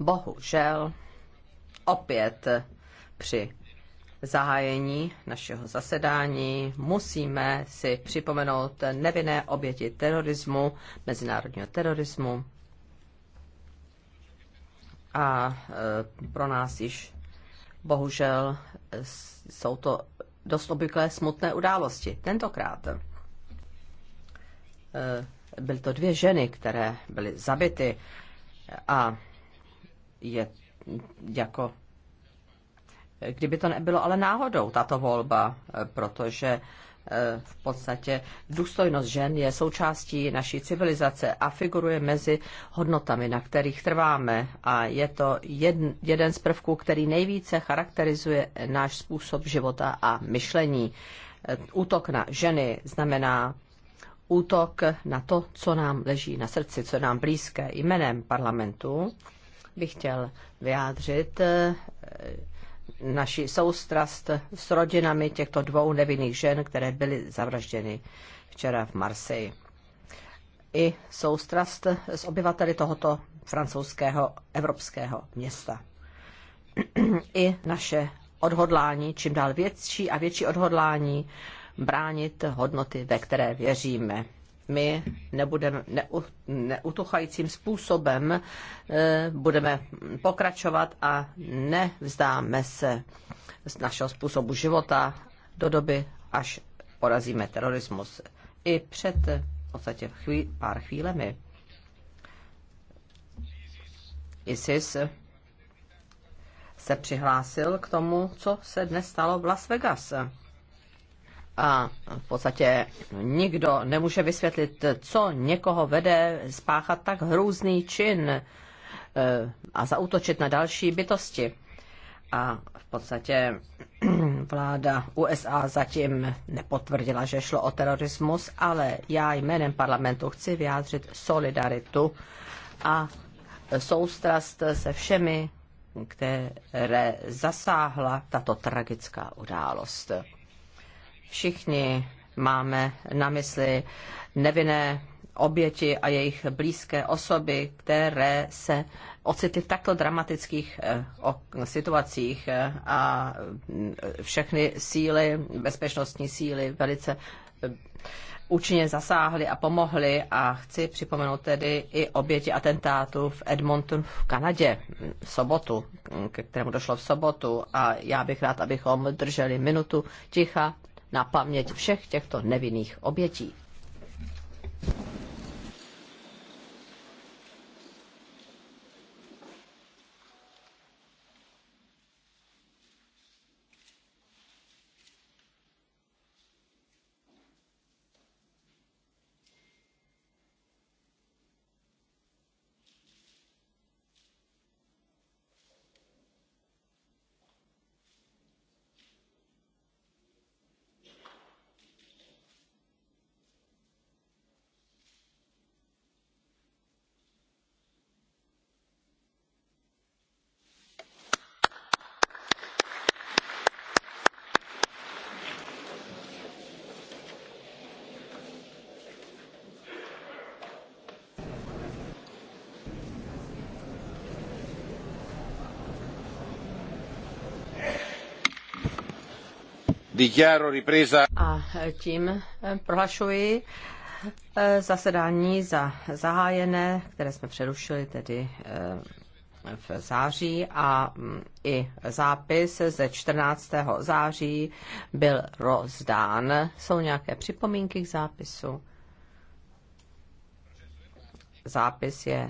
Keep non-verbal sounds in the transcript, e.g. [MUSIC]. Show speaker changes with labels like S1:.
S1: Bohužel opět při zahájení našeho zasedání musíme si připomenout nevinné oběti terorismu, mezinárodního terorismu. A e, pro nás již bohužel jsou to dost obvyklé smutné události. Tentokrát e, byly to dvě ženy, které byly zabity a je jako kdyby to nebylo ale náhodou, tato volba, protože eh, v podstatě důstojnost žen je součástí naší civilizace a figuruje mezi hodnotami, na kterých trváme. A je to jedn, jeden z prvků, který nejvíce charakterizuje náš způsob života a myšlení. Eh, útok na ženy znamená útok na to, co nám leží na srdci, co nám blízké. Jménem parlamentu bych chtěl vyjádřit eh, naši soustrast s rodinami těchto dvou nevinných žen, které byly zavražděny včera v Marseji. I soustrast s obyvateli tohoto francouzského evropského města. I naše odhodlání, čím dál větší a větší odhodlání bránit hodnoty, ve které věříme my nebudeme neu, neutuchajícím způsobem eh, budeme pokračovat a nevzdáme se z našeho způsobu života do doby, až porazíme terorismus. I před v podstatě chví, pár chvílemi ISIS se přihlásil k tomu, co se dnes stalo v Las Vegas a v podstatě nikdo nemůže vysvětlit, co někoho vede spáchat tak hrůzný čin e, a zautočit na další bytosti. A v podstatě [CLEARS THROAT] vláda USA zatím nepotvrdila, že šlo o terorismus, ale já jménem parlamentu chci vyjádřit solidaritu a soustrast se všemi, které zasáhla tato tragická událost všichni máme na mysli nevinné oběti a jejich blízké osoby, které se ocitly v takto dramatických eh, situacích eh, a mm, všechny síly, bezpečnostní síly velice eh, účinně zasáhly a pomohly a chci připomenout tedy i oběti atentátu v Edmontonu v Kanadě v sobotu, ke kterému došlo v sobotu a já bych rád, abychom drželi minutu ticha na paměť všech těchto nevinných obětí. A tím eh, prohlašuji eh, zasedání za zahájené, které jsme přerušili tedy eh, v září a mm, i zápis ze 14. září byl rozdán. Jsou nějaké připomínky k zápisu? Zápis je